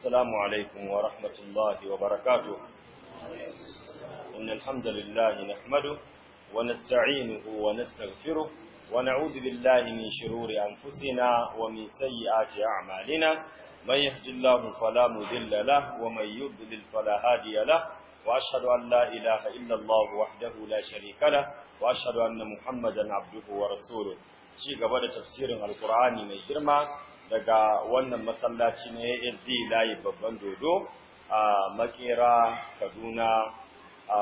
السلام عليكم ورحمة الله وبركاته إن الحمد لله نحمده ونستعينه ونستغفره ونعوذ بالله من شرور أنفسنا ومن سيئات أعمالنا من يهد الله فلا مذل له ومن يضلل فلا هادي له وأشهد أن لا إله إلا الله وحده لا شريك له وأشهد أن محمدا عبده ورسوله شيء قبل تفسير القرآن من جرمه daga wannan masallaci na ASD layi babban dodo a makera Kaduna a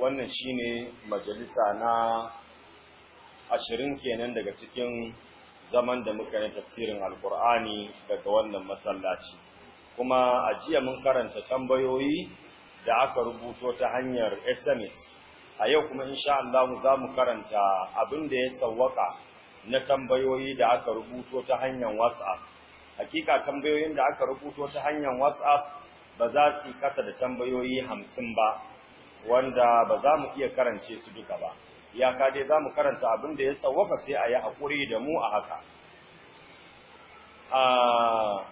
wannan shine majalisa na ashirin kenan daga cikin zaman da muka yi tafsirin alkur'ani daga wannan masallaci kuma a jiya mun karanta tambayoyi da aka rubuto ta hanyar SMS a yau kuma insha Allah za mu karanta abin da ya sawwaka na tambayoyi da aka rubuto ta hanyar WhatsApp. Hakika tambayoyin da aka rubuto ta hanyar WhatsApp ba za su kasa da tambayoyi hamsin ba, wanda ba za mu iya karance su duka ba. Iyaka dai za mu karanta abin da ya sauwaka sai a yi hakuri da mu a haka. Ah,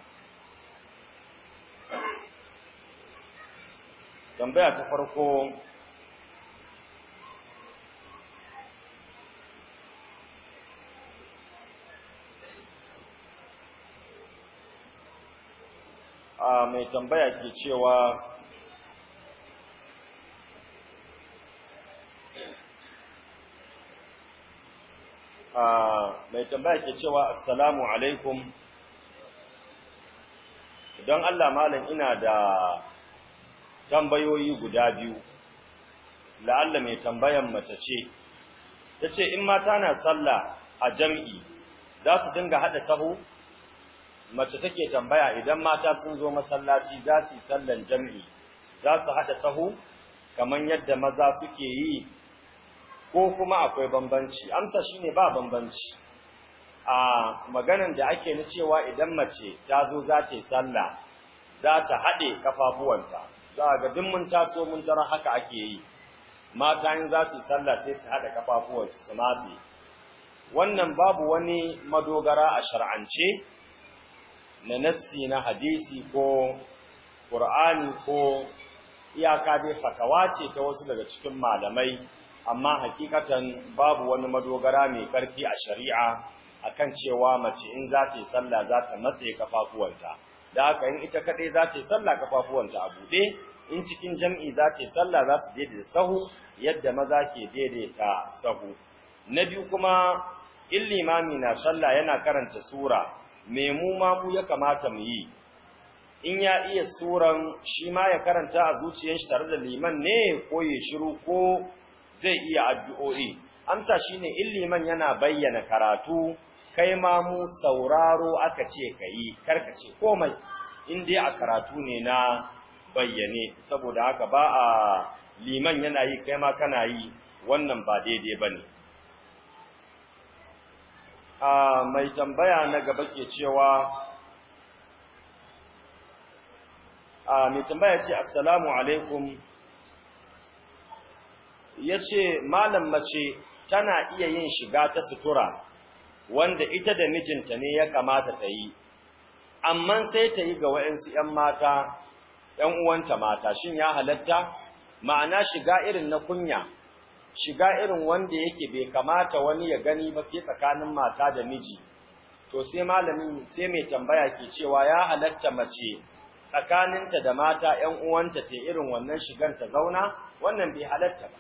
tambaya ta farko a mai tambaya ke cewa a mai tambaya ke cewa assalamu alaikum don Allah malam ina da tambayoyi guda biyu la'alla mai tambayan mace ce ta ce in mata na sallah a jam'i za su dinga haɗa sahu mace take tambaya idan mata sun zo masallaci za su yi sallan jam'i za su haɗa sahu kamar yadda maza suke yi ko kuma akwai bambanci amsa shine ba bambanci a maganin da ake na cewa idan mace ta zo za ta yi sallah za ta haɗe kafafuwanta za ga duk mun taso mun tara haka ake yi mata in za su yi sallah sai su haɗa kafafuwansu su matse wannan babu wani madogara a shar'ance na nassi na hadisi ko ƙur'ani ko iyaka dai fatawa ce ta wasu daga cikin malamai amma hakikatan babu wani madogara mai karfi a shari'a akan cewa mace in za ta yi sallah za ta matse kafafuwanta da haka in ita kaɗai za ta yi sallah kafafuwanta a buɗe in cikin jam'i za ta yi sallah za su daidaita sahu yadda maza ke daidaita sahu na biyu kuma in limami na sallah yana karanta sura me mu ma ku ya kamata mu yi in ya iya suran shi ma ya karanta a zuciyar shi tare da liman ne ko ya shiru ko zai iya addu'o'i amsa shine in liman yana bayyana karatu kai ma mu sauraro aka ce ka kai karkace komai in dai a karatu ne na bayyane saboda haka ba a liman yana yi kai ma kana yi wannan ba daidai ba ne. a mai tambaya na gaba ke cewa a mai tambaya ce assalamu alaikum ya ce malam mace tana iya yin shiga ta sutura wanda ita da mijinta ne ya kamata ta yi amma sai ta yi ga wa'insu 'yan mata ‘yan uwanta mata shin ya halatta ma'ana shiga irin na kunya shiga irin wanda yake bai kamata wani ya gani ba sai tsakanin mata da miji to sai malamin sai mai tambaya ke cewa ya halatta mace tsakaninta da mata 'yan uwanta ta irin wannan shigan ta zauna wannan bai halatta ba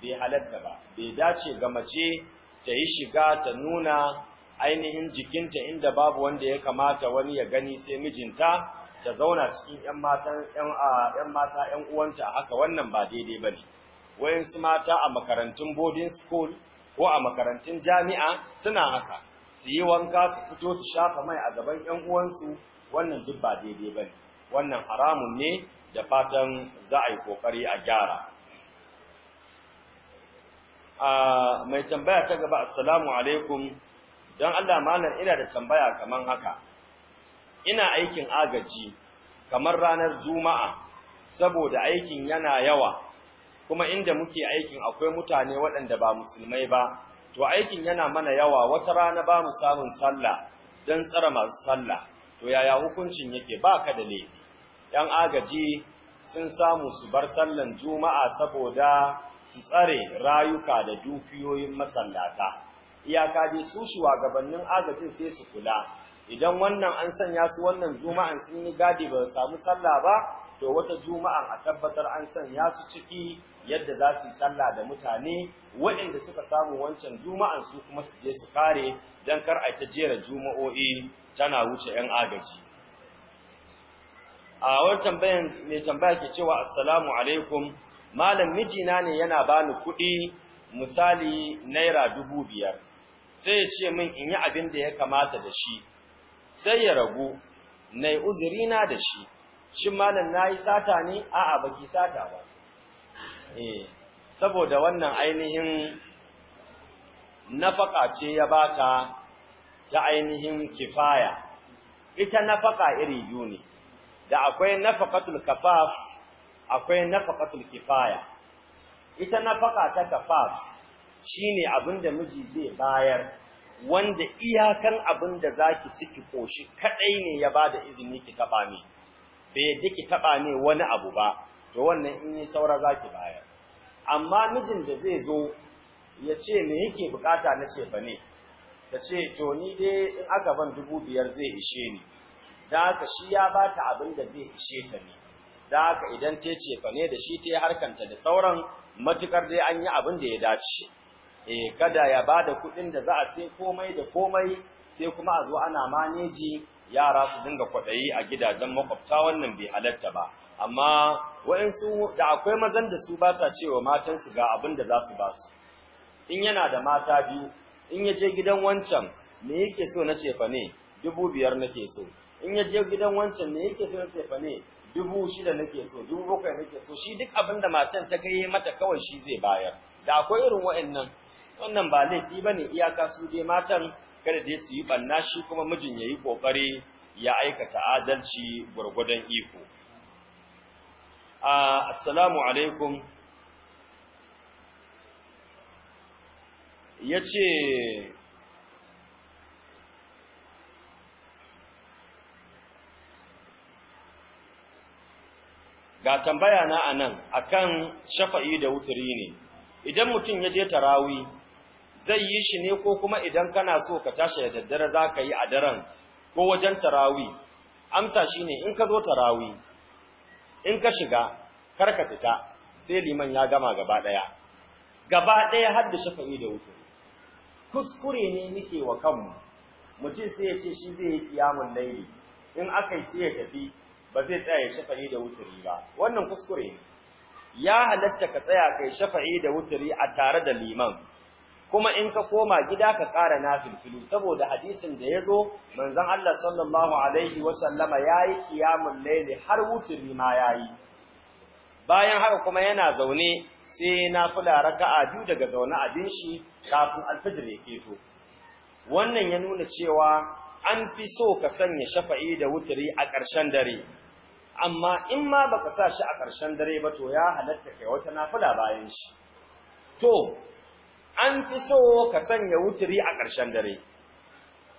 bai halatta ba bai dace ga mace ta yi shiga ta nuna ainihin jikinta inda babu wanda ya kamata wani ya gani sai mijinta ta zauna cikin 'yan mata ƴan mata ƴan uwanta haka wannan ba daidai ba ne. wayansu mata a makarantun boarding school ko a makarantun jami'a suna haka su yi wanka su fito su shafa mai a gaban ƴan uwansu wannan duk ba daidai bane wannan haramun ne da fatan za a yi kokari a gyara a mai tambaya ta gaba assalamu alaikum don Allah malam ina da tambaya kaman haka ina aikin agaji kamar ranar juma'a saboda aikin yana yawa kuma inda muke aikin akwai mutane waɗanda ba musulmai ba to aikin yana mana yawa wata rana ba mu samun sallah don tsara masu sallah to yaya hukuncin yake ba ka da laifi ‘yan agaji sun samu su bar sallan juma'a saboda su tsare rayuka da dukiyoyin masallata iyaka dai su shugabannin agajin sai su kula idan wannan an sanya su wannan juma'an sun yi gadi ba samu sallah ba to wata juma'an a tabbatar an sanya su ciki yadda za su yi sallah da mutane waɗanda suka samu wancan juma'an su kuma su je su kare don kar a ta jera juma'o'i tana wuce 'yan agaji a wani mai tambaya ke cewa assalamu alaikum malam mijina ne yana ba ni kuɗi misali naira dubu biyar sai ya ce min in yi abin da ya kamata da shi sai ya ragu na uzurina da shi shin malam yi sata ne 'a baki sata ba eh, saboda wannan ainihin nafaka ce ya bata ta ainihin kifaya ita nafaka iri biyu ne da akwai nafaqatul kafaf akwai nafaqatul kifaya ita nafaka ta kafaf shi shine abinda miji zai bayar wanda iyakan abinda zaki ciki ƙoshi kaɗai ne ya ba da izini ki taɓa ni bai yadda ki taɓa ne wani abu ba to wannan in yi saura za ki bayar amma mijin da zai zo ya ce me yake bukata na ce ba ne ta ce to ni dai in aka ban dubu biyar zai ishe ni da haka shi ya ba ta abin da zai ishe ta ne da haka idan ta ce ba ne da shi ta yi harkanta da sauran matukar dai an yi abin da ya dace eh kada ya ba da kuɗin da za a sai komai da komai sai kuma a zo ana maneji yara su dinga kwaɗayi a gidajen makwabta wannan bai halatta ba amma waɗansu da akwai mazan da su ba sa cewa matansu ga abin da za su ba su in yana da mata biyu in ya je gidan wancan me yake so na cefa ne dubu biyar nake so in ya je gidan wancan me yake so na cefa ne dubu shida nake so dubu bakwai nake so shi duk abin da matan ta kai mata kawai shi zai bayar da akwai irin waɗannan wannan ba laifi ba ne, iyaka su dai matan kada dai su yi banna shi kuma mijin yayi ƙoƙari, ya aikata adalci gurgudan iko assalamu alaikum yace ga tambaya na anan akan shafa'i da wuturi ne idan mutum ya je tarawi zai yi shi ne ko kuma idan kana so ka tashi da daddare za ka yi a daren ko wajen tarawi amsa shi ne in ka zo tarawi in ka shiga kar ka fita sai liman ya gama gaba ɗaya gaba ɗaya har da shafa'i da wuce kuskure ne nike wa kanmu mutum sai ya ce shi zai yi kiyamun laili in aka yi sai ya tafi ba zai tsaya ya shafa'i da wuturi ba wannan kuskure ne ya halatta ka tsaya kai shafa'i da wuturi a tare da liman kuma in ka koma gida ka ƙara nafilfilu saboda hadisin da ya zo manzon Allah sallallahu alaihi wa sallama yayi qiyamul layli har wutri ma yayi bayan haka kuma yana zaune sai na fula raka'a biyu daga zaune a shi kafin alfajir ya keto wannan ya nuna cewa an fi so ka sanya shafa'i da wuturi a ƙarshen dare amma in ma baka sa shi a ƙarshen dare ba to ya halatta kai wata nafila bayan shi to an fi so ka sanya wuturi a ƙarshen dare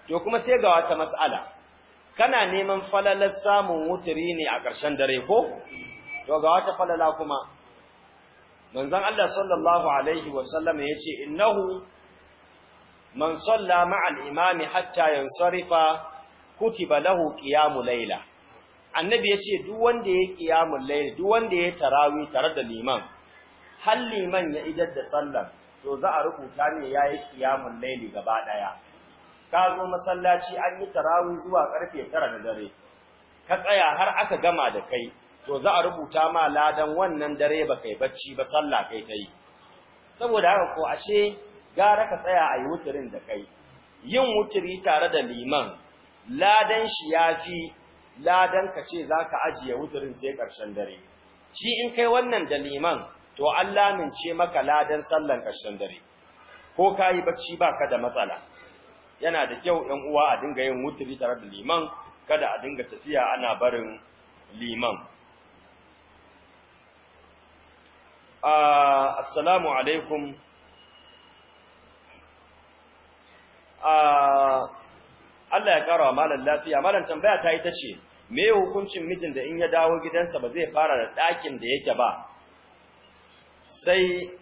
to kuma sai ga wata matsala kana neman falalar samun wuturi ne a ƙarshen dare ko to ga wata falala kuma manzan Allah sallallahu alaihi wasallam yace innahu man salla ma'al imami hatta yansarifa kutiba lahu ƙiyamu Laila. annabi ya ce, duk wanda ya ƙiyamu Laila, duk wanda ya tarawi tare da liman har liman ya idar da sallar to za a rubuta ne ya yi ƙiyamun laili gaba ɗaya. ka zo masallaci an yi tarawih zuwa karfe tara na dare ka tsaya har aka gama da kai to za a rubuta ma ladan wannan dare ba kai bacci ba sallah kai ta yi saboda haka ko ashe gara ka tsaya a yi wuturin da kai yin wuturi tare da liman ladan shi ya fi ladan ka ce za ka ajiye wuturin sai ƙarshen dare shi in kai wannan da liman to Allah an lamince maka ladan sallan ƙarshen dare ko ka yi bacci ba ka da matsala yana da kyau ‘yan uwa a dinga yin wuturi tare da liman kada a dinga tafiya ana barin liman assalamu alaikum Allah ya ƙara wa malar lafiya malar tambaya ta yi ta ce me hukuncin mijin da in ya dawo gidansa ba zai fara da ɗakin da yake ba sai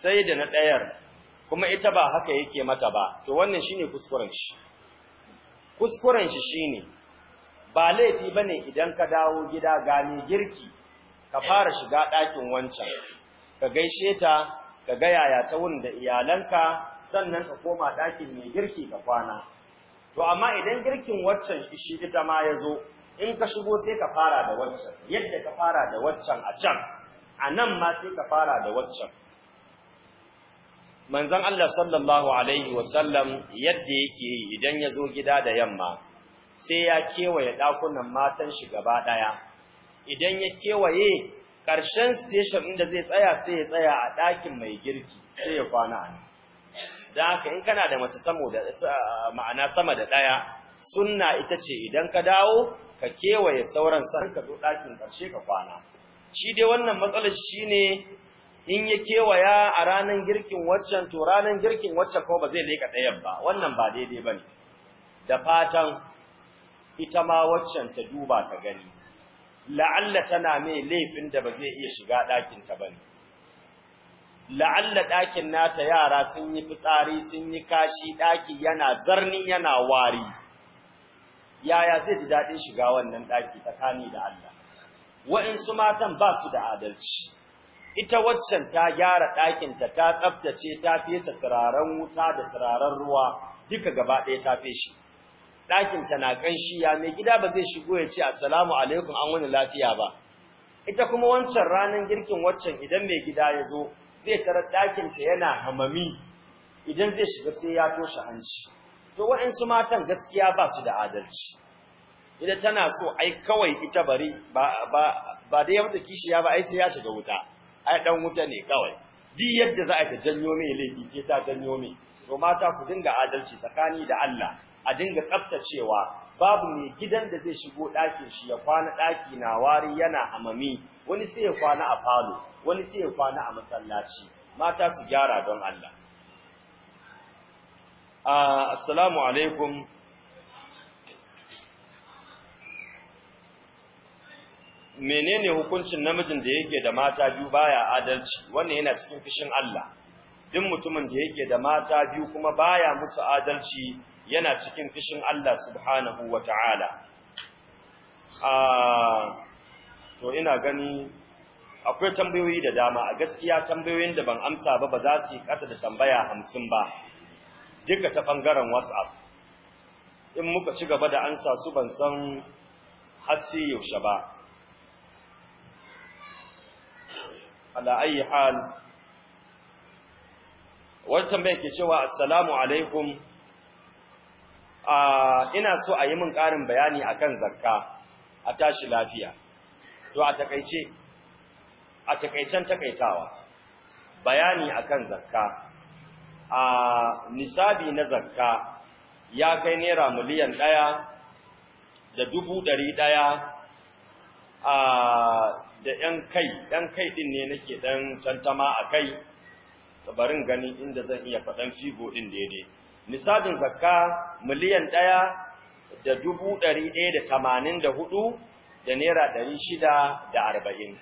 sai da na ɗayar kuma ita ba haka yake mata ba to wannan shine kuskuren shi kuskuren shi shine ba laifi bane idan ka dawo gida gani girki ka fara shiga ɗakin wancan ka gaishe ta ka ga yaya ta wurin da iyalanka sannan ka koma ɗakin mai girki ka kwana to amma idan girkin waccan shi ita ma ya zo in ka shigo sai ka fara da waccan yadda ka fara da waccan a can a nan ma sai ka fara da waccan manzon Allah sallallahu alaihi wasallam yadda yake yi idan yazo gida da yamma sai ya kewaye ɗakunan matan shi gaba ɗaya idan ya kewaye ƙarshen station inda zai tsaya sai ya tsaya a ɗakin mai girki sai ya kwana a nan da haka in kana da mace ma'ana sama da ɗaya sunna ita ce idan ka dawo ka kewaye sauran san ka zo ɗakin ƙarshe ka kwana shi dai wannan matsalar shi ne in ya kewaya a ranar girkin waccan to ranar girkin waccan ko ba zai leka ɗayan ba wannan ba daidai ba ne da fatan ita ma waccan ta duba ta gani la'alla tana mai laifin da ba zai iya shiga ɗakinta ba ne la'alla ɗakin nata yara sun yi fitsari sun yi kashi ɗaki yana zarni yana wari yaya zai ji daɗin shiga wannan ɗaki tsakani da Allah wa'insu matan ba su da adalci ita waccan ta gyara ɗakinta ta tsaftace ta fesa turaren wuta da turaren ruwa duka gaba ɗaya ta feshi ɗakinta na ƙanshi ya mai gida ba zai shigo ya ce assalamu alaikum an wani lafiya ba ita kuma wancan ranar girkin waccan idan mai gida ya zo zai tarar ɗakinta yana hamami idan zai shiga sai ya toshe hanci to wa'insu matan gaskiya ba su da adalci ita tana so ai kawai ita bari ba ba ba dai mata kishiya ba ai sai ya shiga wuta ai dan wuta ne kawai duk yadda za a ta janyo mai laifi ke ta janyo mai to mata ku dinga adalci tsakani da Allah a dinga tsaftacewa babu mai gidan da zai shigo ɗakin shi ya kwana ɗaki na wari yana hamami wani sai ya kwana a falo wani sai ya kwana a masallaci mata su gyara don Allah ah, assalamu alaikum menene hukuncin namijin da yake da mata biyu baya adalci wannan yana cikin fishin Allah duk mutumin da yake da mata biyu kuma baya musu adalci yana cikin fishin Allah subhanahu wata'ala ah to ina gani akwai tambayoyi da dama a gaskiya tambayoyin da ban amsa ba ba za su yi kasa da tambaya hamsin ba duka ta bangaren WhatsApp in muka ci gaba da ansa su ban san har yaushe ba ala ayi hal wata tambaya ke cewa assalamu alaikum ina so a yi min ƙarin bayani akan zakka a tashi lafiya to a takaice a takaicen takaitawa bayani akan zakka a nisabi na zakka ya kai naira miliyan ɗaya da dubu ɗari ɗaya a da ‘yan kai, ‘yan kai ɗin ne nake ɗan tantama a kai, tabarin gani inda zan iya faɗan figo ɗin daidai. Nisabin zakka miliyan ɗaya da dubu ɗari ɗaya da tamanin da hudu da naira ɗari shida da arba'in.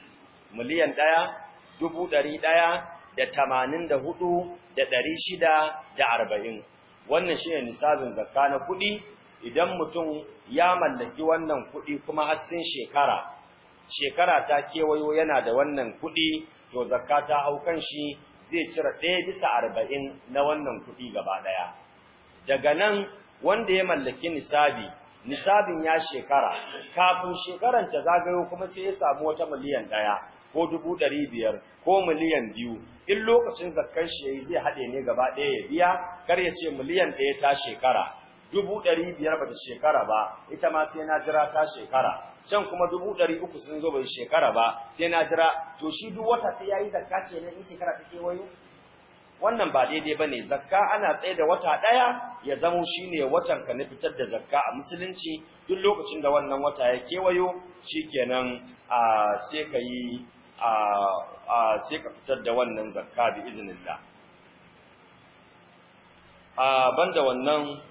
Miliyan ɗaya, dubu ɗari ɗaya da tamanin da hudu da ɗari shida da arba'in. Wannan shi ne nisabin zakka na kuɗi idan mutum ya mallaki wannan kuɗi kuma har shekara. shekara ta kewayo yana da wannan kuɗi to zakka ta hau shi zai cire ɗaya bisa arba'in na wannan kuɗi gaba ɗaya daga nan wanda ya mallaki nisabi nisabin ya shekara kafin shekaran ta zagayo kuma sai ya samu wata miliyan ɗaya ko dubu ɗari biyar ko miliyan biyu in lokacin zakkan shi yayi zai haɗe ne gaba ɗaya ya biya kar ya ce miliyan ɗaya ta shekara dubu ɗari biyar ba ta shekara ba ita ma sai na jira ta shekara can kuma dubu ɗari uku sun zo bai shekara ba sai na jira to shi duk wata sai ya yi zakka nan, in shekara ta kewayo wannan ba daidai ba ne zakka ana tsaye da wata ɗaya ya zamo shi ne watan ka na fitar da zakka a musulunci duk lokacin da wannan wata ya kewayo shi kenan sai ka yi sai ka fitar da wannan zakka bi izinillah ban da wannan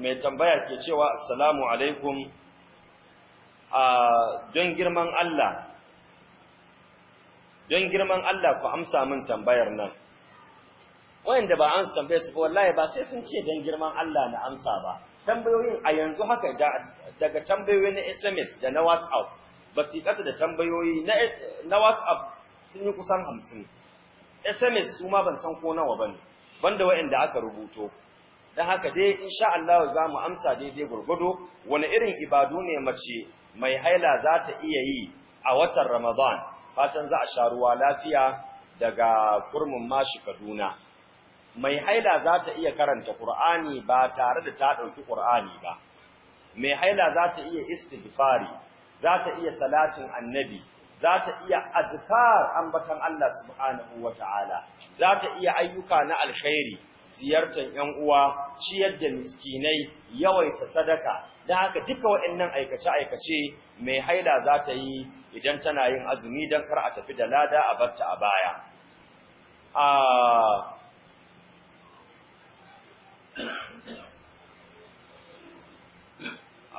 mai tambaya ke cewa assalamu alaikum a don girman Allah don girman Allah ku amsa min tambayar nan wanda ba an tambaye su wallahi ba sai sun ce don girman Allah na amsa ba tambayoyin a yanzu haka daga tambayoyi na SMS da na WhatsApp basikata da tambayoyi na na WhatsApp sun yi kusan hamsin, SMS su ma ban san ko nawa ba bane banda wayanda aka rubuto da haka dai insha Allah za mu amsa daidai gurgudu wani irin ibadu ne mace mai haila za ta iya yi a watan Ramadan fatan za a sha ruwa lafiya daga kurmin mashi Kaduna mai haila za ta iya karanta Qur'ani ba tare da ta ɗauki Qur'ani ba mai haila za ta iya istighfari za ta iya salatin annabi za ta iya azkar ambatan Allah subhanahu wataala za ta iya ayyuka na alkhairi ziyartar ‘yan uwa, ciyar da miskinai, yawaita sadaka, don haka duka waɗannan aikace-aikace mai haila za ta yi idan tana yin azumi don kar a tafi da lada a barta a baya.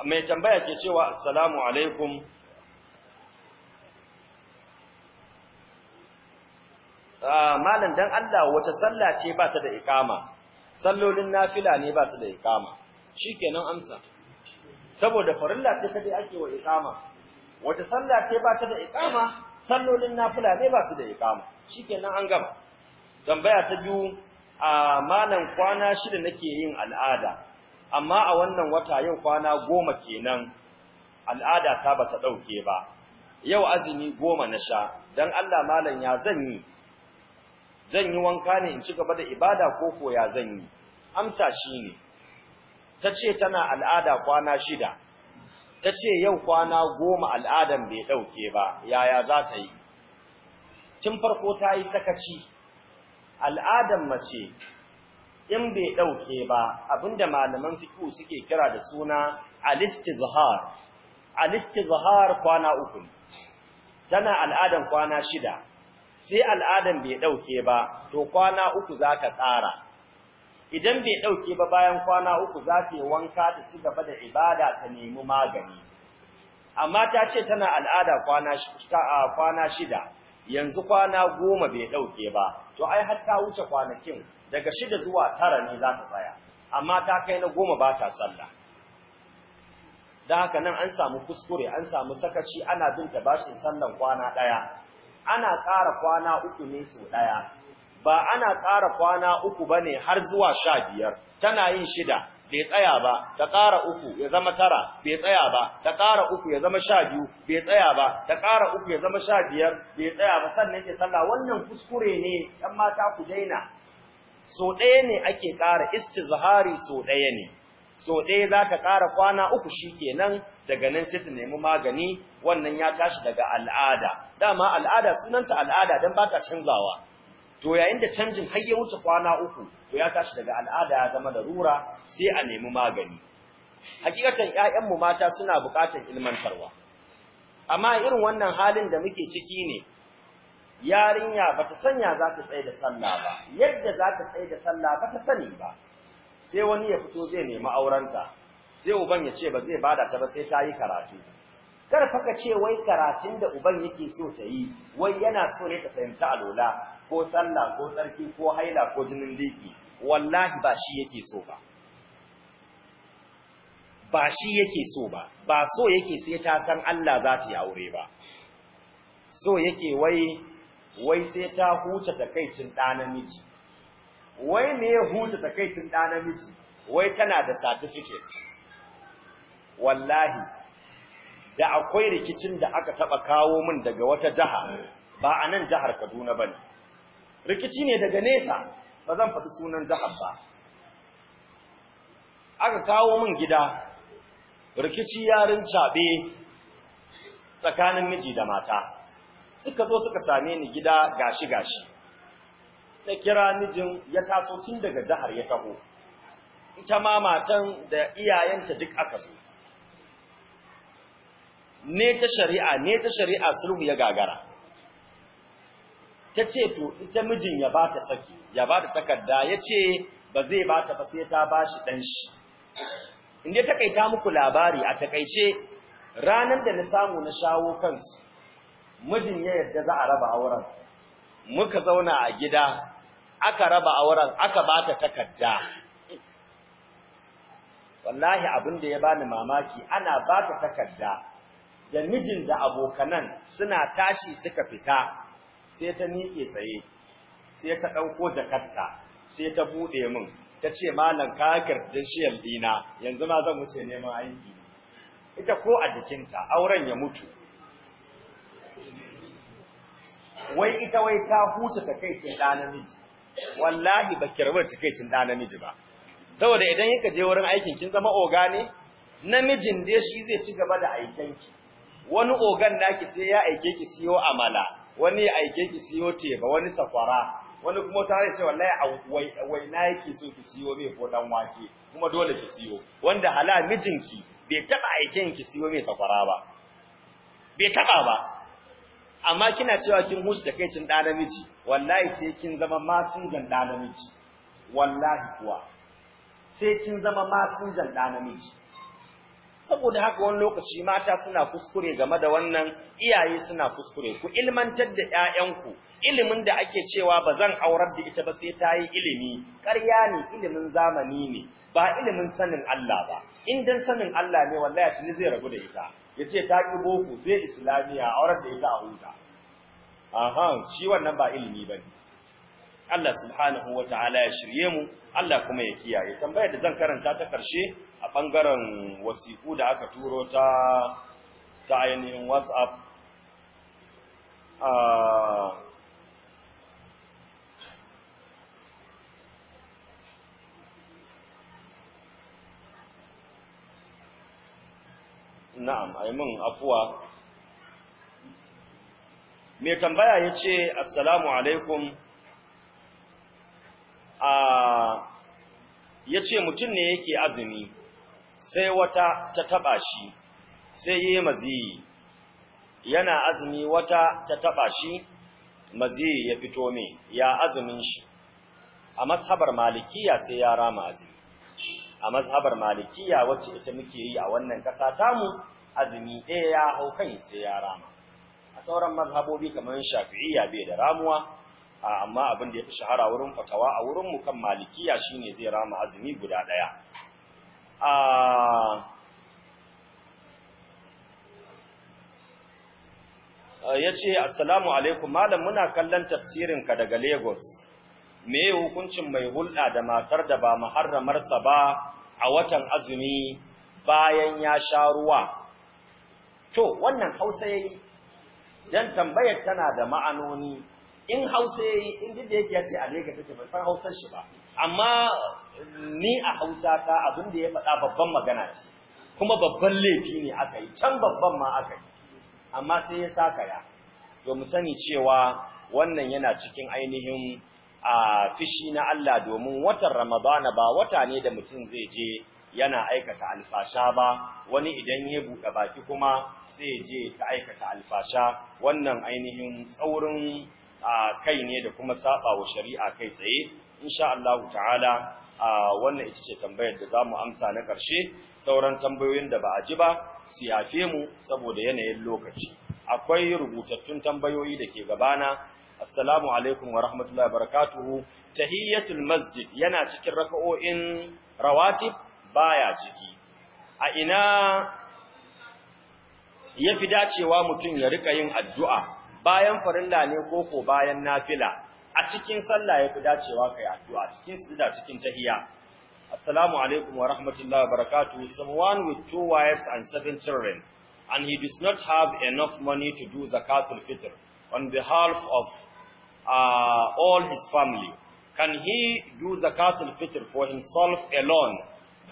Mai tambaya ke cewa, Assalamu alaikum. Ah, malam dan Allah wata sallah ce ba ta da iqama sallolin nafila ne ba su da iqama shikenan amsa saboda farilla ce kadai ake wa iqama wata sallah ce ba ta da iqama sallolin nafila ne ba su da iqama shikenan an gama tambaya ta biyu a malam kwana shida nake yin al'ada amma a wannan wata yau kwana goma kenan al'ada ta bata dauke ba yau azumi goma na sha dan Allah malam ya zan yi zan yi wanka ne in ci gaba da ibada ko koya zan yi amsa shi ne ta ce tana al'ada kwana shida ta ce yau kwana goma al'adan bai ɗauke ba yaya za ta yi tun farko ta yi sakaci al'adan mace in bai ɗauke ba abinda malaman fiƙo suke kira da suna alisti zahar kwana uku tana al'adan kwana shida sai al'adan bai ɗauke ba, to kwana uku za ta tsara. Idan bai ɗauke ba bayan kwana uku za ka yi wanka ta ci gaba da ibada ta nemi magani. Amma ta ce tana al'ada kwana shida, yanzu kwana goma bai ɗauke ba, to ai har ta wuce kwanakin daga shida zuwa tara ne za ta tsaya, amma ta kai na goma ba ta sallah. Da haka nan an samu kuskure, an samu sakaci ana binta bashin sallan kwana ɗaya, ana ƙara kwana uku ne sau ɗaya ba ana ƙara kwana uku ba ne har zuwa sha biyar tana yin shida bai tsaya ba ta ƙara uku ya zama tara bai tsaya ba ta ƙara uku ya zama sha biyu bai tsaya ba ta ƙara uku ya zama sha biyar bai tsaya ba sannan ke sallah wannan kuskure ne ɗan mata ku daina so ɗaya ne ake ƙara istizhari sau ɗaya ne Sau ɗaya za ta ƙara kwana uku shi kenan daga nan sai ta nemi magani wannan ya tashi daga al'ada dama al'ada sunanta al'ada dan ba ta canzawa to yayin da canjin har ya wuce kwana uku to ya tashi daga al'ada ya zama larura sai a nemi magani hakikatan ƴaƴanmu mata suna buƙatar ilmantarwa amma irin wannan halin da muke ciki ne yarinya ba ta sanya za ta tsaye da sallah ba yadda za ta tsaye da sallah ba ta sani ba sai wani ya fito zai nemi aurenta sai uban ya ce ba zai bada ta ba sai ta yi karatu kar fa ka ce wai karatun da uban yake so ta yi wai yana so ne ta fahimci alola ko sallah ko tsarki ko haila ko jinin liki wallahi ba shi yake so ba ba shi yake so ba ba so yake sai ta san Allah za ta yi aure ba so yake wai wai sai ta huce takaicin ɗa namiji wai me ya huce takaicin ɗa namiji wai tana da certificate wallahi da akwai rikicin da aka taba kawo min daga wata jaha ba a nan jahar Kaduna bane rikici ne daga nesa ba zan faɗi sunan jahar ba aka kawo min gida rikici yarin cabe tsakanin miji da mata suka zo suka same ni gida gashi gashi da kira mijin ya taso tun daga jahar ya taho ita ma matan da iyayenta duk aka zo ne ta shari'a ne ta shari'a sulhu ya gagara ta ce to ita mijin ya ba ta saki ya ba ta takarda ya ce ba zai ba ta ba sai ta ba shi ɗan shi inda ta takaita muku labari a takaice ranar da na samu na shawo kansu mijin ya yarda za a raba auren muka zauna a gida aka raba auren aka ba ta takarda wallahi abin da ya bani mamaki ana ba ta takarda da mijin da abokanan suna tashi suka fita sai ta miƙe tsaye sai ta ɗauko jakarta sai ta buɗe min ta ce malam ka karɗi shiyar dina yanzu ma zan wuce neman aiki ita ko a jikinta auren ya mutu wai ita wai ta huce cin ɗa miji wallahi ba kai cin ɗa miji ba saboda idan kika je wurin aikin kin zama oga ne namijin dai shi zai ci gaba da aikenki wani ogan naki sai ya aike ki siyo amala wani ya aike ki siyo teba wani sakwara wani kuma ta ce wallahi wai na yake so ki siyo mai ko dan wake kuma dole ki siyo wanda hala mijinki bai taba aiken ki siyo mai sakwara ba bai taba ba amma kina cewa kin huce da kai cin dan namiji wallahi sai kin zama masinjan dan namiji wallahi kuwa sai kin zama masinjan dan namiji saboda haka wani lokaci mata suna kuskure game da wannan iyaye suna kuskure ku ilmantar da ƴaƴanku ilimin da ake cewa ba zan aurar da ita ba sai ta yi ilimi ƙarya ne ilimin zamani ne ba ilimin sanin Allah ba in dan sanin Allah ne wallahi tuni zai rabu da ita yace ta ki boko sai islamiya aurar da ita a huta aha shi wannan ba ilimi ba Allah subhanahu wataala ya shirye mu Allah kuma ya kiyaye tambayar da zan karanta ta karshe a ɓangaren wasiƙu da aka turo ta ta ainihin whatsapp na'am aimin afuwa mai tambaya ya ce assalamu alaikum ya ce mutum ne yake azumi sai wata ta taba shi sai yi maziyi yana azumi wata ta taba shi maziyi ya fito mai ya azumin shi a mazhabar malikiya sai ya rama azumi a mazhabar malikiya wacce ita muke yi a wannan kasa tamu azumi ɗaya ya hau kan sai ya rama a sauran mazhabobi kamar shafi'iyya bai da ramuwa amma abin da ya fi shahara wurin fatawa a wurinmu mu kan malikiya shine zai rama azumi guda ɗaya ya ce assalamu alaikum malam muna kallon tafsirinka daga lagos me hukuncin mai hulɗa da matar da ba maharramarsa ba a watan azumi bayan ya sha ruwa to wannan hausa ya yi don tambayar tana da ma'anoni in hausa ya yi in duk da yake ya ce a lagos take ban san hausar shi ba amma ni a hausa ta abin da ya faɗa babban magana ce kuma babban laifi ne aka yi can babban ma aka yi amma sai ya saka ya to mu sani cewa wannan yana cikin ainihin a fishi na Allah domin watan Ramadana ba wata ne da mutum zai je yana aikata alfasha ba wani idan ya buɗe baki kuma sai je ta aikata alfasha wannan ainihin tsaurin a kai ne da kuma saba wa shari'a kai tsaye insha Allah ta'ala wannan ita ce tambayar da zamu amsa na ƙarshe sauran tambayoyin da ba a ji ba su yafe mu saboda yanayin lokaci akwai rubutattun tambayoyi da ke gabana assalamu alaikum wa rahmatullahi wa barakatuhu tahiyatul masjid yana cikin raka'o'in rawatib baya ciki a ina yafi dacewa mutum ya riƙa yin addu'a bayan farilla ne koko, ko bayan nafila a cikin sallah ya fi dacewa kai addu'a cikin sujda cikin tahiyya assalamu alaikum wa rahmatullahi wa barakatuh someone with two wives and seven children and he does not have enough money to do zakatul fitr on behalf of uh, all his family can he do zakatul fitr for himself alone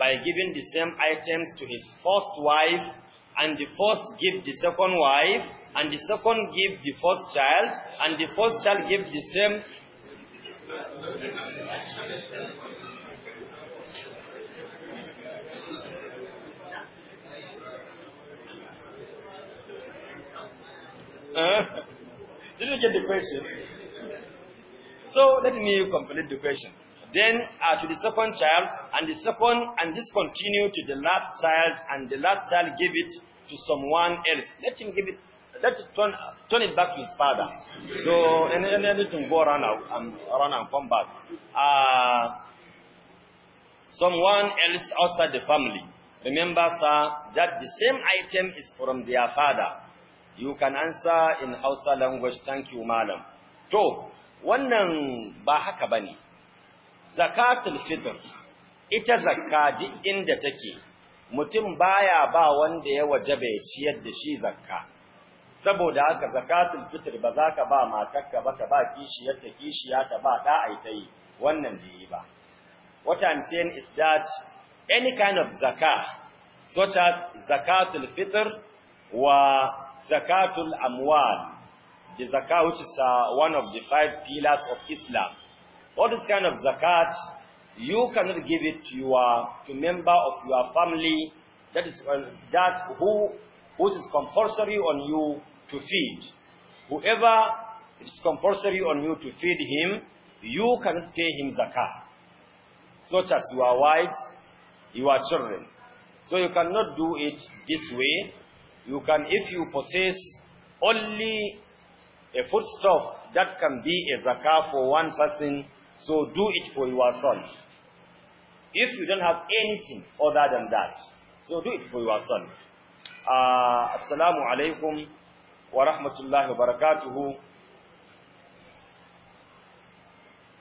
by giving the same items to his first wife and the first give the second wife and the second give the first child, and the first child give the same. Uh, did you get the question? So let me complete the question. Then uh, to the second child, and the second, and this continued to the last child, and the last child gave it to someone else. Let him give it let's turn, turn it back to his father. So, and, then it can go around and, and come back. Uh, someone else outside the family. Remember, sir, that the same item is from their father. You can answer in Hausa language, thank you, madam. So, wannan ba haka ba ne. Zakatul fitr, ita zakka duk inda take, mutum baya ba wanda ya waje bai ciyar da shi zakka. saboda haka zakatul fitr ba za ka ba matarka ba ka ba kishiyarta, kishiya ta ba da ai ta yi wannan da yi ba what i'm saying is that any kind of zakat, such as zakatul fitr wa zakatul amwal the zakat which is uh, one of the five pillars of islam all this kind of zakat you cannot give it to your to member of your family that is uh, that who whose is compulsory on you to feed. Whoever is compulsory on you to feed him, you cannot pay him zakah, such as your wives, your children. So you cannot do it this way. You can, if you possess only a foodstuff that can be a zakah for one person, so do it for yourself. If you don't have anything other than that, so do it for yourself. assalamu alaikum wa rahmatullahi wa barakatuhu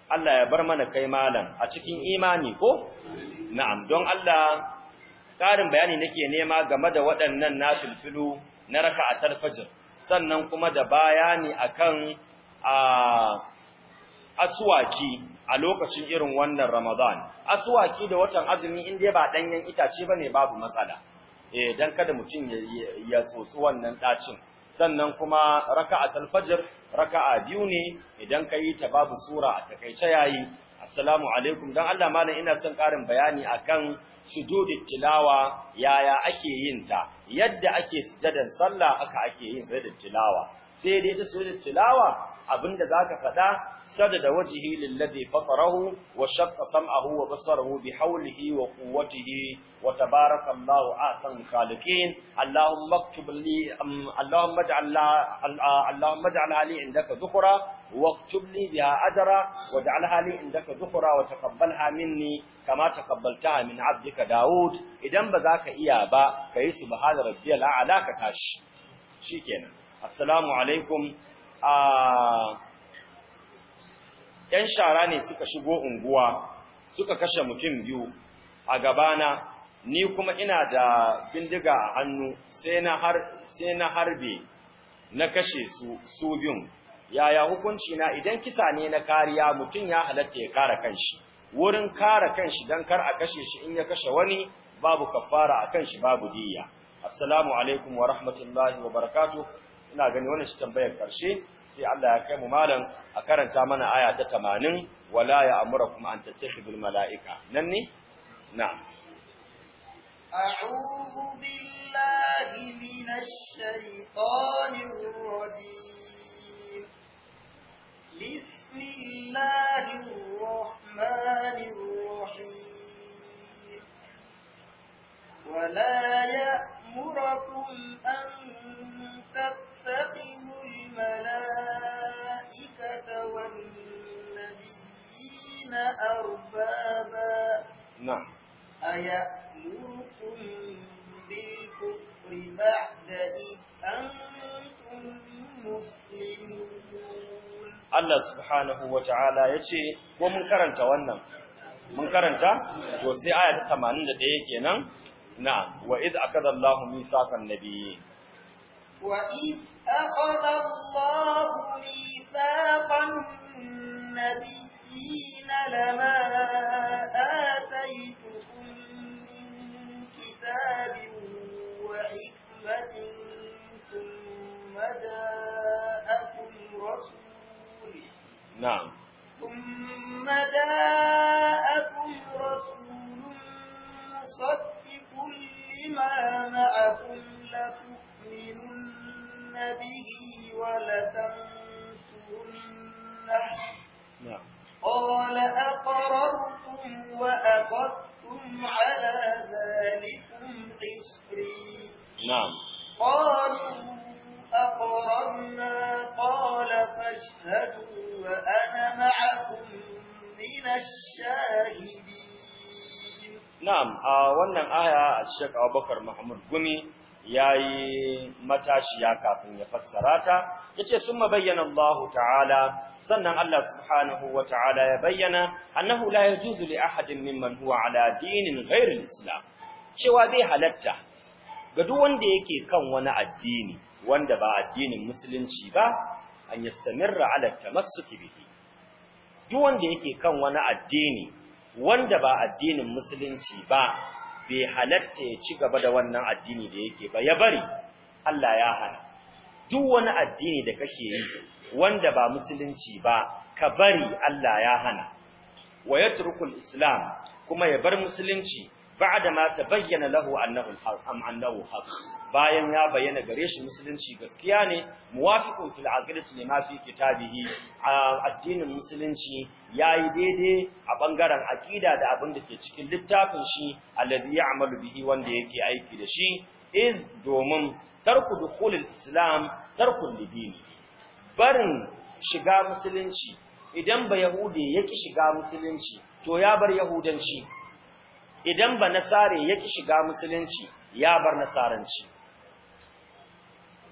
Allah ya bar mana kai malam a cikin imani ko na'am don Allah ƙarin bayani nake nema game da waɗannan filfilu na raka'atul fajr sannan kuma da bayani akan aswaki a lokacin irin wannan Ramadan aswaki da watan azumi in ba danyen itace bane babu matsala eh dan kada mutum ya tsotsi wannan ɗacin sannan kuma raka'atul fajr raka'a biyu ne idan ka ta babu sura a takaice yayi assalamu alaikum dan Allah malam ina son ƙarin bayani akan sujudit tilawa yaya ake yin ta yadda ake sujadar sallah aka ake yin sujudit tilawa sai dai ta sujud tilawa abinda zaka fada sadada wajihi lillazi fatarahu wa shaqqa sam'ahu wa basarahu bi hawlihi wa quwwatihi wa tabarakallahu ahsan khaliqin allahumma aktub li um, allahumma ij'al allahumma ij'al ali indaka dhukra واكتب لي بها أجرا واجعلها لي عندك ذخرا وتقبلها مني كما تقبلتها من عبدك داود إذن بذاك إيابا كيس بهذا ربي لا علاقة تاش شي كينا assalamu alaikum a ‘yan shara ne suka shigo unguwa suka kashe mutum biyu a gabana ni kuma ina da bindiga a hannu sai na harbe na kashe su su biyun yaya hukunci na idan kisa ne na kariya mutum ya halatta ya kare kanshi wurin kare kanshi don kar a kashe shi in ya kashe wani babu kafara a kanshi babu diya assalamu alaikum wa rahmatullahi wa barakatu. ina gani wannan shi tambayar karshe sai Allah ya kai mu malam a karanta mana aya ta 80 wala ya amura kuma an tattakhidul malaika nan ne na'am a'udhu billahi minash shaitanir rajim bismillahir rahmanir rahim wala يأمركم أن تتخذوا تلتقم الملائكة والنبيين أربابا نعم أيأمركم بالكفر بعد إذ أنتم مسلمون الله سبحانه وتعالى يشي ومن كرنت ونم mun karanta to sai aya ta 81 kenan na wa id akadallahu mithaqan nabiyyin وَإِذْ أَخَذَ اللَّهُ مِيثَاقَ النَّبِيِّينَ لَمَا آتَيْتُكُم مِّن كِتَابٍ وَحِكْمَةٍ ثُمَّ جَاءَكُمْ رَسُولٌ نعم ثُمَّ جَاءَكُمْ رَسُولٌ مُصَدِّقٌ لِّمَا مَعَكُمْ لَتُؤْمِنُنَّ لتؤمنن به ولتنصرنه نعم قال أقررتم وأخذتم على ذلكم إصري نعم قالوا أقررنا قال فاشهدوا وأنا معكم من الشاهدين نعم آه وانا آية الشيخ أبو بكر محمود قمي Ya yayi matashiya kafin ya fassara ta Ya yace summa bayyana Allah ta'ala sannan Allah subhanahu wa ta'ala ya bayyana annahu la yajuzu li ahadin mimman huwa ala dinin ghairi islam cewa zai halatta ga duk wanda yake kan wani addini wanda ba addinin musulunci ba an yastamirra ala tamassuki bihi duk wanda yake kan wani addini wanda ba addinin musulunci ba bai halatta ya ci gaba da wannan addini da yake ba ya bari Allah ya hana duk wani addini da kake yi wanda ba musulunci ba ka bari Allah ya hana wa yatrukul islam kuma ya bar musulunci ba'da ma tabayyana lahu annahu am annahu bayan ya bayyana gare shi musulunci gaskiya ne muwafiqun fil aqidati lima fi kitabihi addinin musulunci yayi daidai a bangaren aqida da abin da ke cikin littafin shi alladhi ya'malu bihi wanda yake aiki da shi Is domin tarku dukhulul islam tarku lidini barin shiga musulunci idan ba yahudi yake shiga musulunci to ya bar yahudanci idan ba nasare ya ki shiga musulunci ya bar nasaranci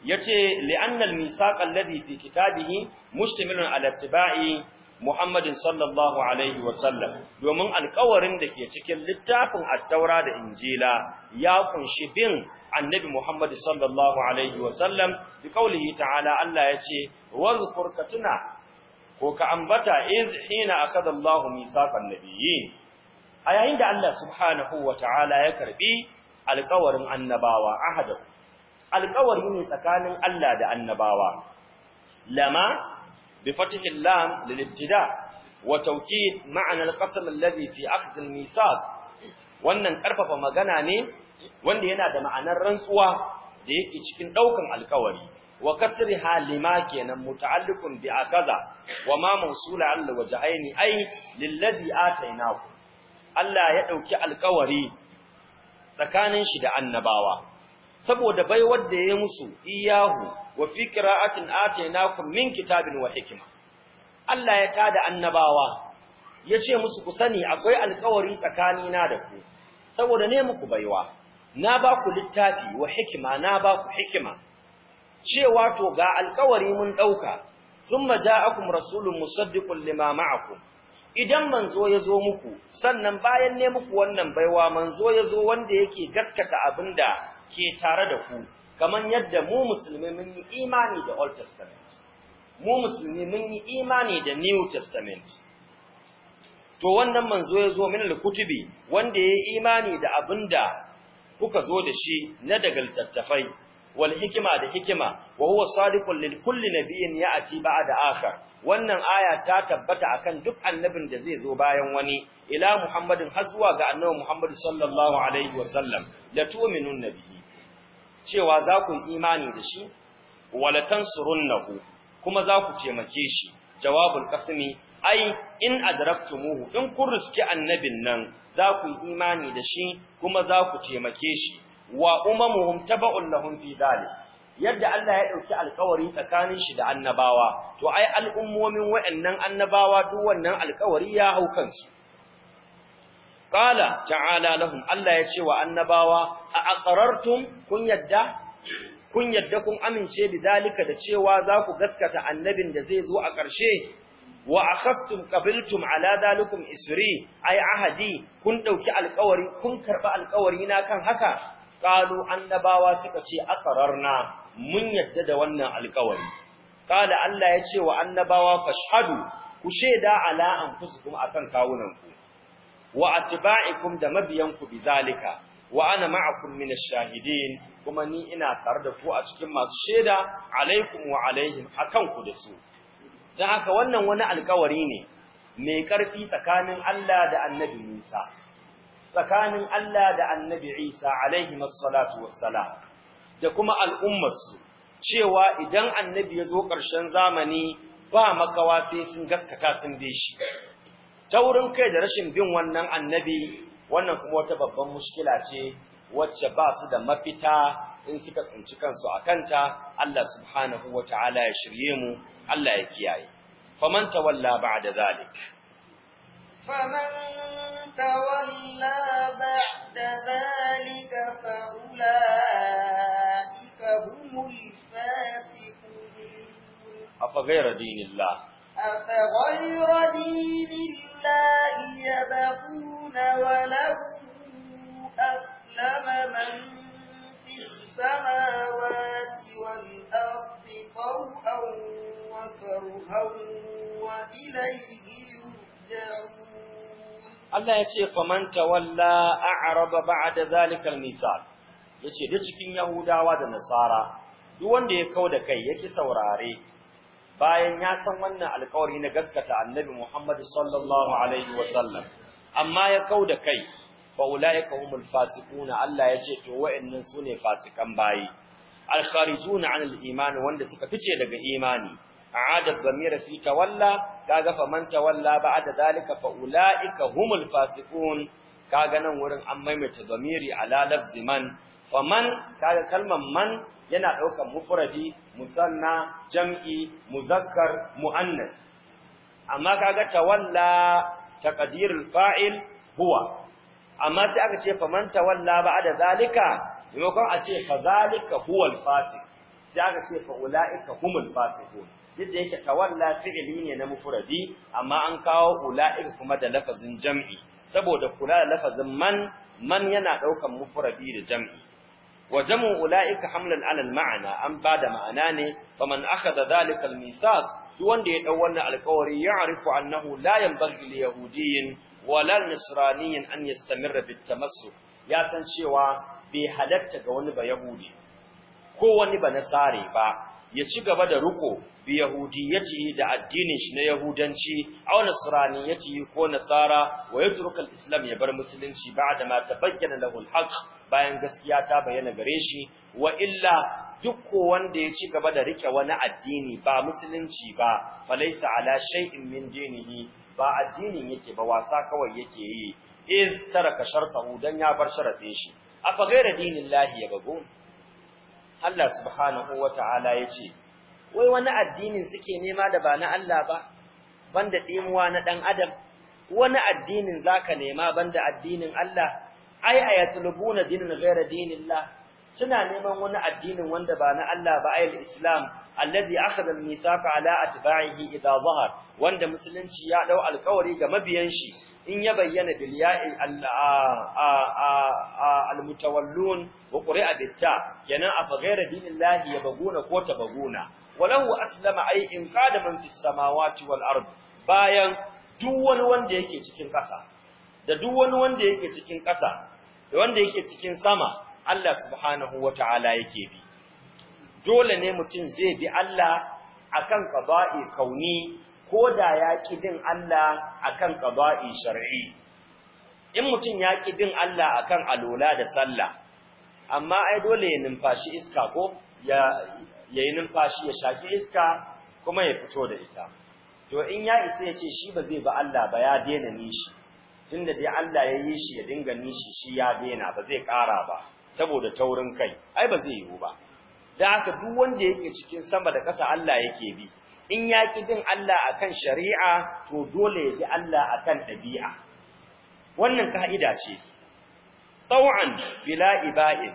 yace li'annal misaq alladhi fi kitabihi mustamilun ala ittiba'i Muhammadin sallallahu alaihi wa sallam domin alƙawarin da ke cikin littafin Attaura da injila ya kunshi bin annabi Muhammad sallallahu alaihi wa sallam bi ta'ala Allah yace wadhkur katuna ko ka ambata iz hina akada Allahu nabiyyin a yayin da Allah subhanahu ta'ala ya karbi alƙawarin annabawa ahadu alƙawari ne tsakanin Allah da annabawa lama bi fathil lam lil ibtida wa tawkid ma'na qasam alladhi fi akhdh al-misaq wannan karfafa magana ne wanda yana da ma'anar rantsuwa da yake cikin daukan alƙawari wa kasriha lima kenan muta'alliqun bi akaza wa ma mansula aini ai ay lilladhi atainahu Allah ya ɗauki alkawari tsakanin shi da annabawa saboda baiwar da ya yi musu iyahu wa fi qira'atin atainakum min kitabin wa hikima. Allah ya tada annabawa ya ce musu ku sani akwai alƙawari tsakanina da ku saboda ne muku baiwa na ba ku littafi wa hikima na ba ku hikima cewa to ga alkawari mun ɗauka sun maja akum rasulun musaddikun lima ma'akum idan manzo ya zo muku sannan bayan ne muku wannan baiwa manzo ya zo wanda yake gaskata abin da ke tare da ku kamar yadda mu musulmi mun yi imani da Old Testament mu musulmi mun yi imani da New Testament to wannan manzo ya zo min kutubi wanda ya yi imani da abin da kuka zo da shi na daga littattafai wal hikima da hikima wahuwa wa huwa sadiqul lil kulli nabiyyin ya'ti da akhar wannan aya ta tabbata akan duk annabin da zai zo bayan wani ila muhammadin har ga annabi muhammad sallallahu alaihi wa sallam la tu'minun nabiyyi cewa za ku imani da shi wa la tansurunnahu kuma za ku taimake shi jawabul qasmi ai in muhu, in kun riski annabin nan za ku imani da shi kuma za ku taimake shi wa umamuhum taba'un lahum fi dhalik yadda Allah ya dauki alkawari tsakanin shi da annabawa to ai al'ummomin wayannan annabawa duk wannan alkawari ya hau kansu qala ta'ala lahum Allah ya ce wa annabawa a aqarartum kun yadda kun yadda kun amince da dalika da cewa za ku gaskata annabin da zai zo a ƙarshe wa akhastum qabiltum ala dalikum isri ai ahadi kun dauki alƙawari kun karba alƙawari na kan haka Kalu annabawa suka ce na mun yadda da wannan alƙawari qala Allah ya ce wa annabawa fashadu ku shaida ala kuma akan kawunanku wa atba'ikum da mabiyanku bizalika wa ana ma'akum min shahidin kuma ni ina tare da ku a cikin masu shaida, alaikum wa alaihim a kanku da su dan haka wannan wani alƙawari ne mai ƙarfi tsakanin Allah da Annabi Musa tsakanin Allah da annabi Isa alaihi salatu wassalam da kuma al'ummarsu cewa idan annabi ya zo ƙarshen zamani ba makawa sai sun gaskata sun bi shi ta wurin kai da rashin bin wannan annabi wannan kuma wata babban mushkila ce wacce ba su da mafita in suka tsinci kansu a kanta Allah subhanahu wa ta'ala ya shirye mu Allah ya kiyaye faman tawalla ba'da zalik فمن تولى بعد ذلك فأولئك هم الفاسقون أفغير دين الله أفغير دين الله يبغون وله أسلم من في السماوات والأرض طوءا وكرها وإليه يرجعون Allah ya ce faman tawalla a'raba da zalika nisa. Ya yace da cikin yahudawa da nasara duk wanda ya da kai yake saurare bayan ya san wannan alƙawari na gaskata annabi Muhammad sallallahu alaihi amma ya da kai fa ulaika humul fasiquna Allah yace to su sune fasikan bayi al-kharijuna 'anil iman wanda suka fice daga imani a'ada dhamira fi tawalla kaga faman tawalla ba'da zalika fa ulaika humul fasiqun kaga nan wurin an maimaita zamiri ala lafzi man faman kaga kalmar man yana daukar mufradi musanna jam'i muzakkar muannas amma kaga tawalla taqdirul fa'il huwa amma sai aka ce fa faman tawalla ba'da zalika maimakon a ce fa zalika huwal fasik sai aka ce fa ulaika humul fasiqun yadda yake tawalla fi'ili ne na mufradi amma an kawo ula'ika kuma da lafazin jam'i saboda kula da lafazin man man yana daukan mufradi da jam'i wa jam'u ula'ika hamlan 'ala al-ma'na an bada ma'ana ne faman akhadha dhalika al misas. duk wanda ya dau wannan alƙawari ya'rifu annahu la yanbaghi li yahudiyyin wala nisraniyyin an yastamirra bit-tamassuk ya san cewa bai halatta ga wani ba yahudi ko wani ba sare ba ya ci gaba da ruko bi yahudiyyati da addinin shi na yahudanci aw nasraniyati ko nasara wa yatruka al-islam ya bar musulunci ba'da ma tabayyana lahu al-haq bayan gaskiya ta bayyana gare shi wa illa duk wanda ya ci gaba da rike wani addini ba musulunci ba laysa ala shay'in min dinihi ba addinin yake ba wasa kawai yake yi iz taraka shartahu dan ya bar sharadin shi afa ghayra dinillahi ya bago Allah subhanahu wata'ala yace wai wani addinin suke nema da ba na Allah ba banda ɗimuwa na ɗan adam wani addinin zaka nema banda addinin Allah ai ayatlubuna dinin ghayra suna neman wani addinin wanda ba na Allah ba ayil islam alladhi akhadha al-mithaqa ala atba'ihi idha zahar wanda musulunci ya dau alkawari ga mabiyan shi in ya bayyana bil ya'i al-mutawallun wa qira'a bitta kenan afa ghayra dinillahi yabghuna ko tabghuna walahu aslama ay in qada man fis samawati wal ard bayan duk wani wanda yake cikin ƙasa da duk wani wanda yake cikin ƙasa da wanda yake cikin sama Allah subhanahu wataala yake bi dole ne mutum zai bi Allah akan qada'i kauni ko da ya ƙi bin Allah akan qada'i shar'i in mutum ya ƙi bin Allah akan alola da sallah amma ai dole ya numfashi iska ko ya yi numfashi ya shaki iska kuma ya fito da ita to in ya isa ya ce shi ba zai ba Allah ba ya dena nishi tunda dai Allah ya yi shi ya dinga nishi shi ya dena ba zai ƙara ba saboda taurin kai ai ba zai yiwu ba da haka duk wanda yake cikin sama da ƙasa Allah yake bi in ya ƙi bin Allah akan shari'a to dole ya bi Allah akan ɗabi'a wannan ka'ida ce Ɗau'an bila iba'in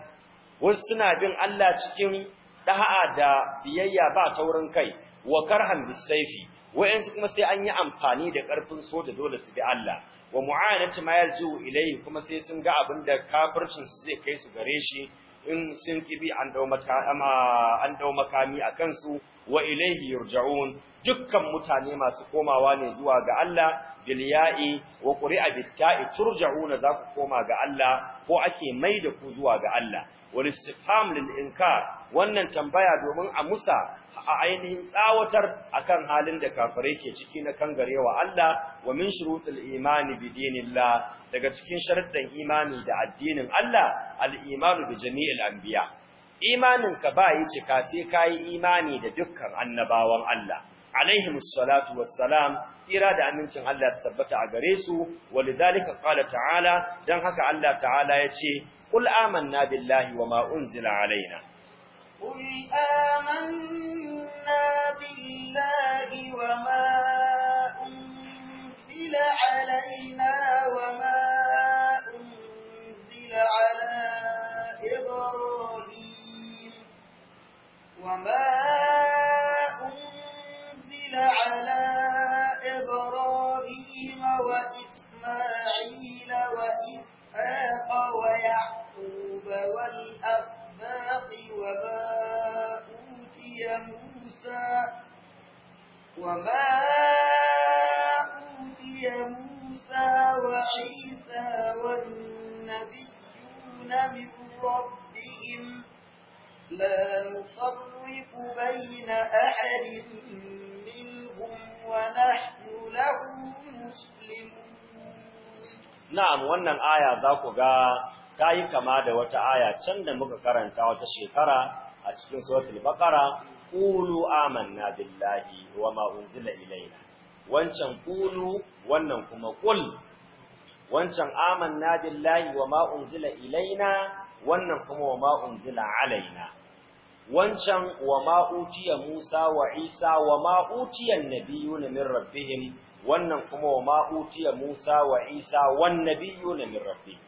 wasu suna bin Allah cikin da'a da biyayya ba taurin kai wa karhan bisayfi wa'ansu kuma sai an yi amfani da ƙarfin soja dole su bi Allah wa mu'anatu ma yarju ilayhi kuma sai sun ga abin da kafircin su zai kai su gare shi in sun kibi an dau an dau makami akan su wa ilayhi yurja'un dukkan mutane masu komawa ne zuwa ga Allah bilya'i wa quri'a bitta'i turja'una za ku koma ga Allah ko ake mai da ku zuwa ga Allah wal istifham lil inkar wannan tambaya domin amusa a ainihin tsawatar a kan halin da kafirai ke ciki na kangarewa Allah wa min shurutul imani bi daga cikin sharuɗan imani da addinin Allah al imanu bi jami'il anbiya imanin ka ba yi cika sai kai imani da dukkan annabawan Allah alaihim salatu tsira da amincin Allah su tabbata a gare su walidhalika qala ta'ala dan haka Allah ta'ala ya ce. قل آمنا بالله وما أنزل علينا قل آمنا بالله وما أنزل علينا وما أنزل على إبراهيم وما أنزل على إبراهيم وإسماعيل وإسحاق ويعقوب والأسباط وما أوتي موسى وما أوتي موسى وعيسى والنبيون من ربهم لا نفرق بين أحد منهم ونحن له مسلمون نعم وأن الآية ذاك ta yi kama da wata aya can da muka karanta wata shekara a cikin suratul baqara qulu amanna billahi wa ma unzila ilaina wancan qulu wannan kuma qul wancan amanna billahi wa ma unzila ilaina wannan kuma wa ma unzila alaina wancan wa ma utiya Musa wa Isa wa ma utiya na min rabbihim wannan kuma wa ma utiya Musa wa Isa wan nabiyuna min rabbihim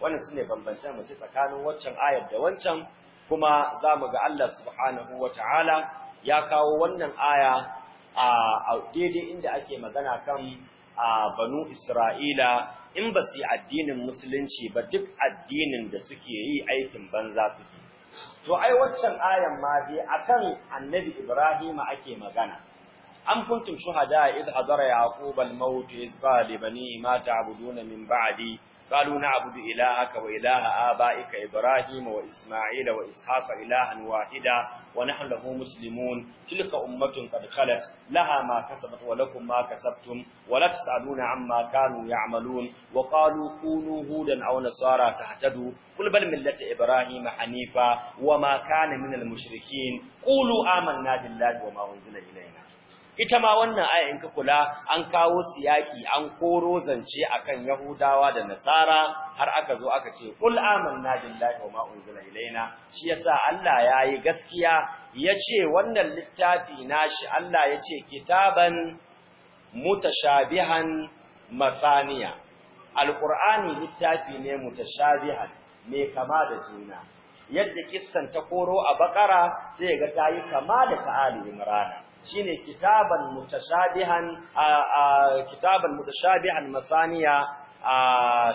wannan sune bambance mu tsakanin waccan ayar da wancan kuma za mu ga Allah subhanahu Ta'ala ya kawo wannan aya a daidai inda ake magana kan a banu Isra'ila in ba su yi addinin musulunci ba duk addinin da suke yi aikin banza suke to ai waccan ayan ma dai akan annabi Ibrahim ake magana أم shuhada شهداء إذ حضر يعقوب الموت إذ قال بني ما تعبدون min بعدي قالوا نعبد إلهك وإله آبائك إبراهيم وإسماعيل وإسحاق إلها واحدا ونحن له مسلمون تلك أمة قد خلت لها ما كسبت ولكم ما كسبتم ولا تسألون عما كانوا يعملون وقالوا كونوا هودا أو نصارى تهتدوا قل بل ملة إبراهيم حنيفا وما كان من المشركين قولوا آمنا بالله وما أنزل إلينا ita ma wannan aya in ka kula an kawo siyaki an koro zance akan yahudawa da nasara har aka zo aka ce qul amanna billahi wa ma unzila ilaina shi yasa Allah yayi gaskiya yace wannan littafi nashi Allah yace kitaban mutashabihan masaniya alqur'ani littafi ne mutashabihan me kama da juna yadda kissan ta koro a bakara sai ga tayi kama da ta ali imrana shine kitaban mutashabihan kitaban mutashabihan masaniya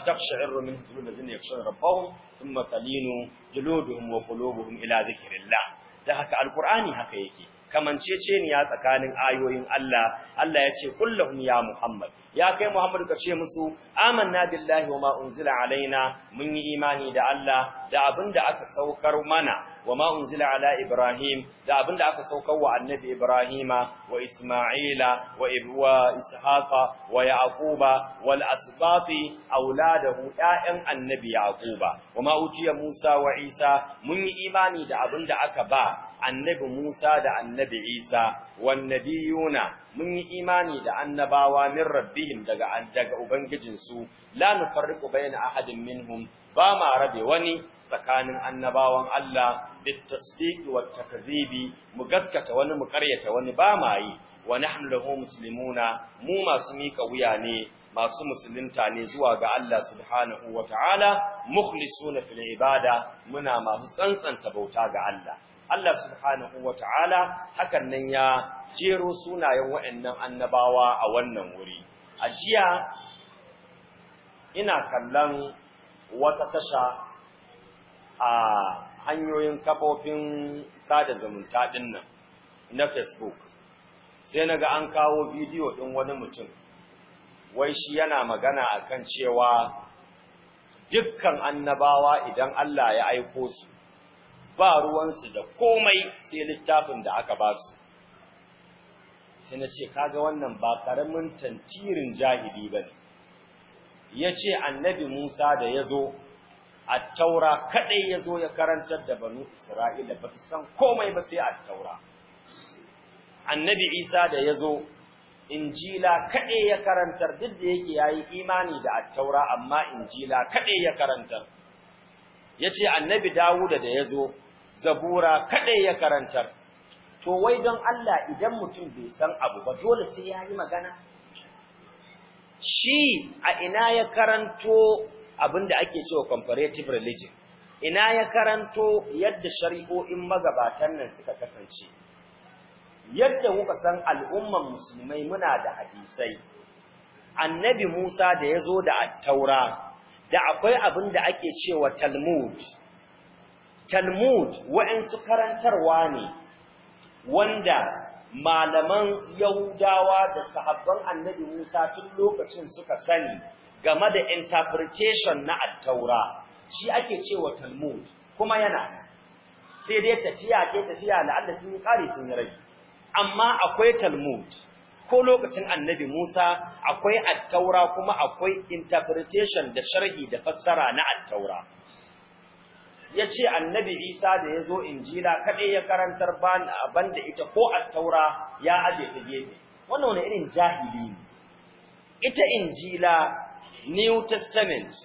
taqshi'ru min qulubi allazina yakhshawna rabbahum thumma talinu juluduhum wa qulubuhum ila dhikrillah da haka alqur'ani haka yake ya tsakanin ayoyin Allah Allah ya ce kullum ya Muhammad ya kai Muhammadu ka ce musu amanna billahi wa ma unzila alaina mun yi imani da Allah da abinda aka saukar mana wa ma unzila ala ibrahim da abinda aka saukar wa annabi ibrahima wa isma'ila wa ibwa ishaqa wa yaquba wal asbati auladahu ya'an annabi yaquba wa ma utiya musa wa isa mun yi imani da abinda aka ba annabi Musa da annabi Isa wannabi Yuna, mun yi imani da annabawa min rabbihim daga daga ubangijinsu la nufarriqu bayna ahadin minhum ba ma rabe wani tsakanin annabawan Allah bitasdiqi wat takdhibi mu gaskata wani mu karyata wani ba ma yi wa nahnu lahu muslimuna mu masu mika wuya ne masu musulunta ne zuwa ga Allah subhanahu wa ta'ala mukhlisuna fil ibada muna masu tsantsanta bauta ga Allah Allah subhanahu ta'ala hakan nan ya jero sunayen wa'annan annabawa a wannan wuri a jiya ina kallon wata tasha a hanyoyin kafofin sada zumunta ɗin nan na facebook sai na ga an kawo bidiyo ɗin wani mutum wai shi yana magana akan cewa dukkan annabawa idan Allah ya aiko su ba ruwansu da komai sai littafin da aka ba su sai na ce kaga wannan ba karamin tantirin jahili ba ne ya ce annabi musa da ya zo a taura kadai ya zo ya karantar da banu isra'ila ba su san komai ba sai a taura annabi isa da ya zo injila kaɗai ya karantar duk da yake ya yi imani da attaura amma injila kaɗai ya karantar ya ce annabi dawuda da ya zo zabura kaɗai ya karantar to wai don Allah idan mutum bai san abu ba dole sai ya yi magana shi a ina ya karanto abin da ake cewa comparative religion ina ya karanto yadda shari'o'in magabatan nan suka kasance yadda muka san al'umman musulmai muna da hadisai annabi Musa da ya zo da taura da akwai abin da ake cewa Talmud talmud waɗansu karantarwa ne wanda malaman yahudawa da sahabban annabi musa tun lokacin suka sani game da interpretation na attaura shi ake cewa talmud kuma yana sai dai tafiya ce tafiya la'alla sun yi ƙari sun yi rai, amma akwai talmud ko lokacin annabi musa akwai attaura kuma akwai interpretation da sharhi da fassara na attaura ya ce annabi isa da ya zo injila kaɗai ya karantar ban da ita ko a taura ya aje ta gefe wannan wani irin jahili ne ita injila new testament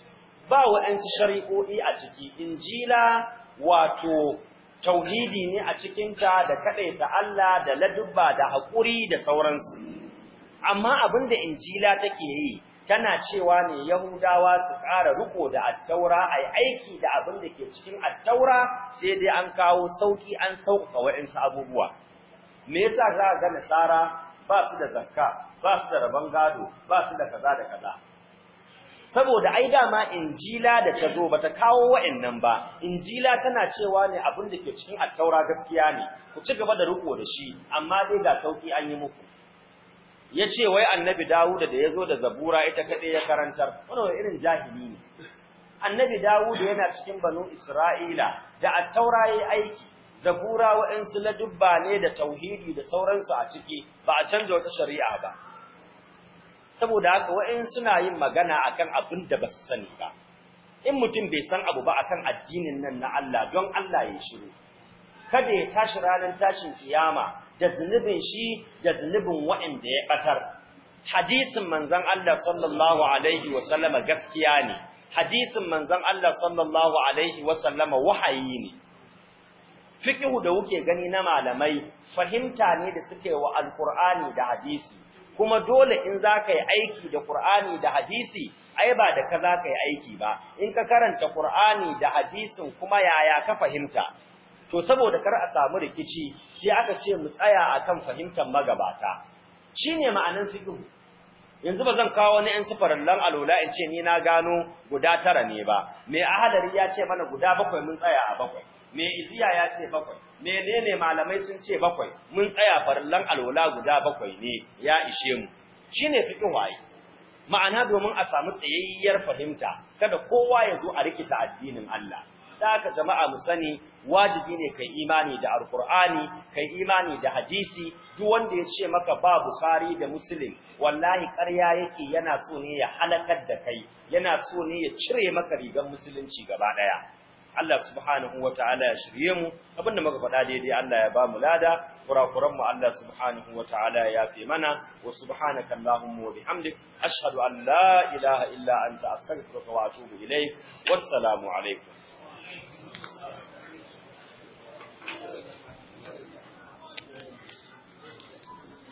ba waɗansu shari'o'i a ciki injila wato tauhidi ne a cikinta da ta Allah da ladubba da haƙuri da sauransu amma abin da injila take yi tana cewa ne Yahudawa su ƙara riko da attaura a aiki da abin da ke cikin attaura sai dai an kawo sauƙi an sauƙaƙa waɗansu abubuwa. Me yasa za ga Nasara ba su da zakka, ba su da rabon gado, ba su da kaza da kaza. Saboda ai dama Injila da ta zo ta kawo wa'annan ba, Injila tana cewa ne abin da ke cikin attaura gaskiya ne, ku ci gaba da riko da shi, amma dai ga sauki an yi muku. ya ce wai annabi Dawuda da ya zo da zabura ita kaɗai ya karantar, wani irin jahili ne. Annabi Dawuda yana cikin banu Isra'ila da a tauraye aiki, zabura waɗansu na dubba ne da tauhidi da sauransu a ciki ba a canza wata shari'a ba. Saboda haka wa'in suna yin magana akan abin da ba su sani ba. In mutum bai san abu ba akan addinin nan na Allah don Allah ya shiru. Kada ya tashi ranar tashin kiyama da zunubin shi da zunubin waɗanda ya batar hadisin manzon Allah sallallahu alaihi wa sallama gaskiya ne hadisin manzon Allah sallallahu alaihi wa sallama wahayi ne fiqhu da kuke gani na malamai fahimta ne da suke wa alqur'ani da hadisi kuma dole in za yi aiki da ƙur'ani da hadisi, ai ba da ka za ka yi aiki ba, in ka karanta ƙur'ani da hadisin kuma yaya ka fahimta, to saboda kar a samu rikici sai aka ce mu tsaya akan fahimtar magabata shine ma'anan fiqh yanzu ba zan kawo wani 'yan sifarallan alula in ce ni na gano guda tara ne ba me ahadari ya ce mana guda bakwai mun tsaya a bakwai me iziya ya ce bakwai menene malamai sun ce bakwai mun tsaya farallan alula guda bakwai ne ya ishe mu shine fikin waye ma'ana domin a samu tsayayyar fahimta kada kowa ya zo a rikita addinin Allah da aka jama'a mu sani wajibi ne kai imani da alkur'ani kai imani da hadisi duk wanda ya ce maka ba bukhari da muslim wallahi ƙarya yake yana so ne ya halakar da kai yana so ne ya cire maka rigar musulunci gaba daya Allah subhanahu wataala ya shirye mu abinda muka faɗa daidai Allah ya ba mu lada kurakuran mu Allah subhanahu wataala ya yafe mana wa subhanaka allahumma wa bihamdik ashhadu an la ilaha illa anta astaghfiruka wa atubu ilaik wassalamu alaikum